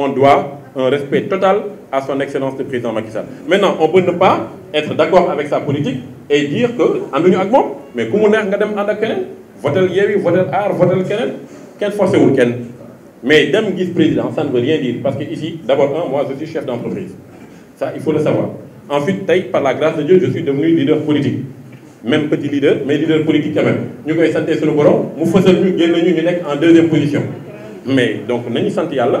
on doit un respect total à son excellence le président Macky Sall. Maintenant, on peut ne pas être d'accord avec sa politique et dire que, en avec mais comment on a dem and kenen, voter yewi, voter ar, voter kenen, quelle force ou ken. Mais d'un guise président, ça ne veut rien dire parce que ici, d'abord un, moi je suis chef d'entreprise. Ça, il faut le savoir. Ensuite, par la grâce de Dieu, je suis devenu leader politique. Même petit leader, mais leader politique quand même. Nous sommes santé sur le nous faisons nous, nous en deuxième position. Mais donc, nous sommes santé position.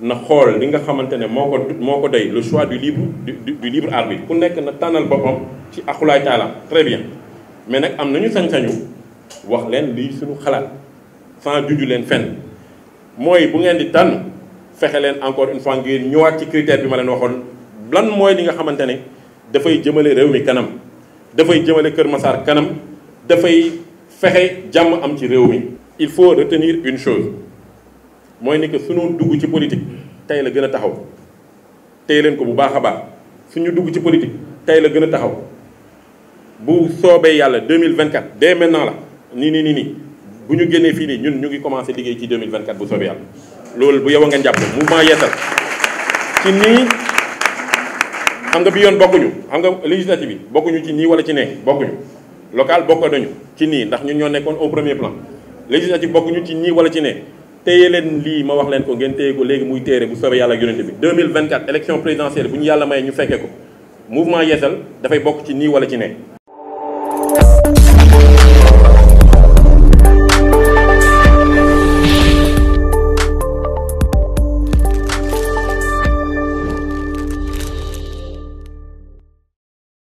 na xol li nga xamantene moko moo ko day le choix du libre du libre arbitre ku nek na tanal bopam ci akhulay taala très bien mais nak am nañu sañ-sañu wax len li suñu xalaat sans juju len fenn moy bu ngeen di tànn fexe len encore une fois ngir ñëwaat ci critère bi ma len waxon lan moy li nga xamantene da fay jëmele réew mi kanam fay jëmele Kër Massar kanam da fay fexe jamm am ci réew mi il faut retenir une chose mooy ne que sunu dugg ci politique tey la gën a taxaw tey leen ko bu baax a baax suñu dugg ci politique tey la gën a taxaw bu soobee yàlla 2024 dès maintenant la nii nii nii nii bu ñu génnee fii nii ñun ñu ngi commencé liggéey ci 2024 bu soobee yàlla loolu bu yow ngeen jàpp mouvement yeesal ci nii xam nga bi yoon bokkuñu xam nga législative bi bokkuñu ci nii wala ci ne bokkuñu local bokk nañu ci nii ndax ñun ñoo nekkoon au premier plan législative bokkuñu ci nii wala ci ne téye li ma wax len ko ngeen téye ko léegi muy téere bu soobee yalla ak yonente bi 2024 élection présidentielle bu ñu yalla may ñu fekkee ko mouvement yeesal fay bok ci ni wala ci ne